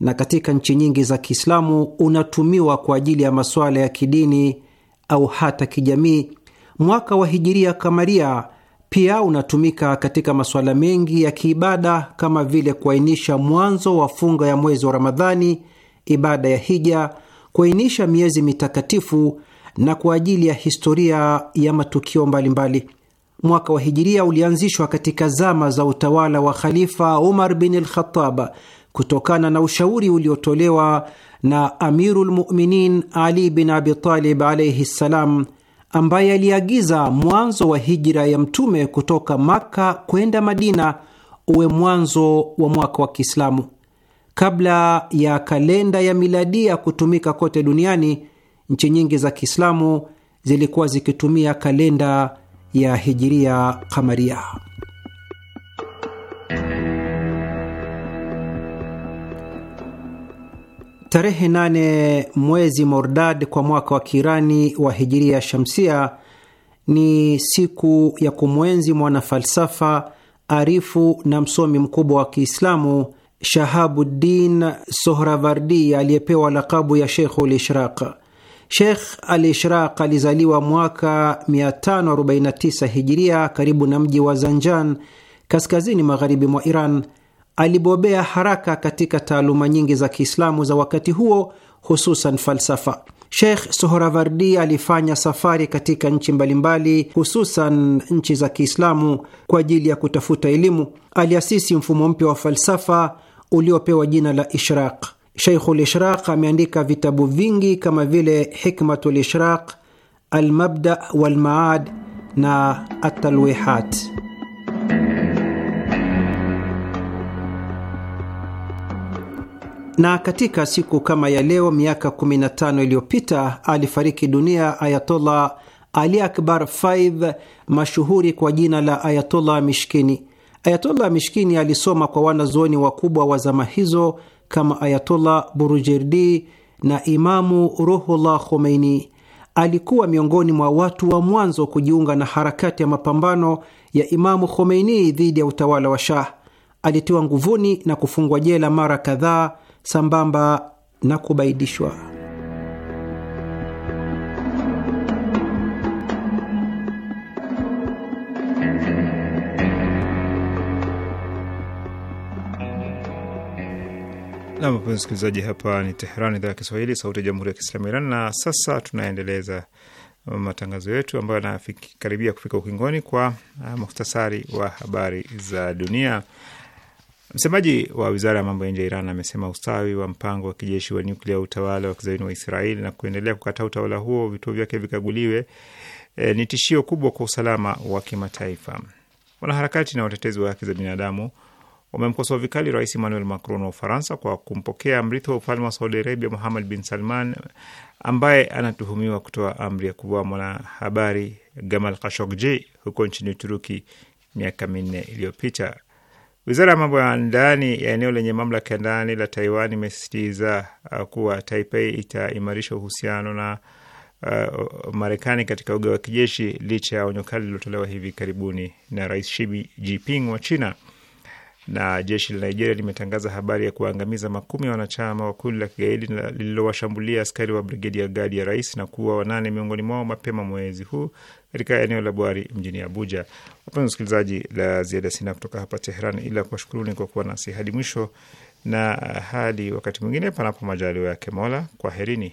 na katika nchi nyingi za Kiislamu unatumiwa kwa ajili ya masuala ya kidini au hata kijamii. Mwaka wa hijiria kamaria pia unatumika katika masuala mengi ya kiibada kama vile kuainisha mwanzo wa funga ya mwezi wa Ramadhani, ibada ya hija, kuainisha miezi mitakatifu na kwa ajili ya historia ya matukio mbalimbali mbali mwaka wa hijiria ulianzishwa katika zama za utawala wa Khalifa Umar bin al kutokana na ushauri uliotolewa na Amiru lmuminin Ali bin Abitalib alaihi ssalam, ambaye aliagiza mwanzo wa hijra ya Mtume kutoka Makka kwenda Madina uwe mwanzo wa mwaka wa Kiislamu kabla ya kalenda ya miladia kutumika kote duniani. Nchi nyingi za Kiislamu zilikuwa zikitumia kalenda ya hijiria kamaria. Tarehe nane mwezi Mordad kwa mwaka wa Kirani wa hijiria shamsia ni siku ya kumwenzi mwanafalsafa arifu na msomi mkubwa wa Kiislamu Shahabuddin Sohravardi aliyepewa lakabu ya Sheikhul Ishraq. Sheikh Al Ishraq alizaliwa mwaka 549 hijiria karibu na mji wa Zanjan kaskazini magharibi mwa Iran. Alibobea haraka katika taaluma nyingi za Kiislamu za wakati huo, hususan falsafa. Sheikh Sohoravardi alifanya safari katika nchi mbalimbali, hususan nchi za Kiislamu kwa ajili ya kutafuta elimu. Aliasisi mfumo mpya wa falsafa uliopewa jina la Ishraq. Sheikhul Ishraq ameandika vitabu vingi kama vile Hikmatul Ishraq, Almabda Walmaad na Atalwihat. Na katika siku kama ya leo miaka 15 iliyopita alifariki dunia Ayatollah Ali Akbar Faidh, mashuhuri kwa jina la Ayatollah Mishkini. Ayatollah Mishkini alisoma kwa wanazuoni wakubwa wa zama hizo kama Ayatollah Burujerdi na Imamu Ruhullah Khomeini. Alikuwa miongoni mwa watu wa mwanzo kujiunga na harakati ya mapambano ya Imamu Khomeini dhidi ya utawala wa Shah. Alitiwa nguvuni na kufungwa jela mara kadhaa sambamba na kubaidishwa. Nam, mpenzi msikilizaji, hapa ni Teheran, idhaa ya Kiswahili, sauti ya jamhuri ya kiislamu Iran. Na sasa tunaendeleza matangazo yetu ambayo yanakaribia kufika ukingoni kwa ah, muhtasari wa habari za dunia. Msemaji wa wizara ya mambo ya nje ya Iran amesema ustawi wa mpango wa kijeshi wa nyuklia wa utawala wa kizaini wa Israeli na kuendelea kukataa utawala huo vituo vyake vikaguliwe e, ni tishio kubwa kwa usalama wa kimataifa. Wanaharakati na watetezi wa haki za binadamu wamemkosoa vikali Rais Emmanuel Macron wa Ufaransa kwa kumpokea mrithi wa ufalme wa Saudi Arabia Muhammad bin Salman ambaye anatuhumiwa kutoa amri ya kuvua mwanahabari Gamal Khashoggi huko nchini Uturuki miaka minne iliyopita. Wizara ya mambo ya ndani ya eneo lenye mamlaka ya ndani la Taiwan imesisitiza uh, kuwa Taipei itaimarisha uhusiano na uh, Marekani katika uga wa kijeshi licha ya onyo kali lililotolewa hivi karibuni na Rais Xi Jinping wa China na jeshi la Nigeria limetangaza habari ya kuwaangamiza makumi ya wanachama wa kundi la kigaidi lililowashambulia askari wa brigedi ya gadi ya rais na kuwa wanane miongoni mwao mapema mwezi huu katika eneo la Bwari mjini Abuja. Wapenzi wasikilizaji, la ziada sina kutoka hapa Teheran ila kuwashukuruni kwa kuwa nasi hadi mwisho na hadi wakati mwingine, panapo majaliwa yake Mola. Kwaherini.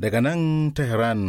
Daga nan Tehran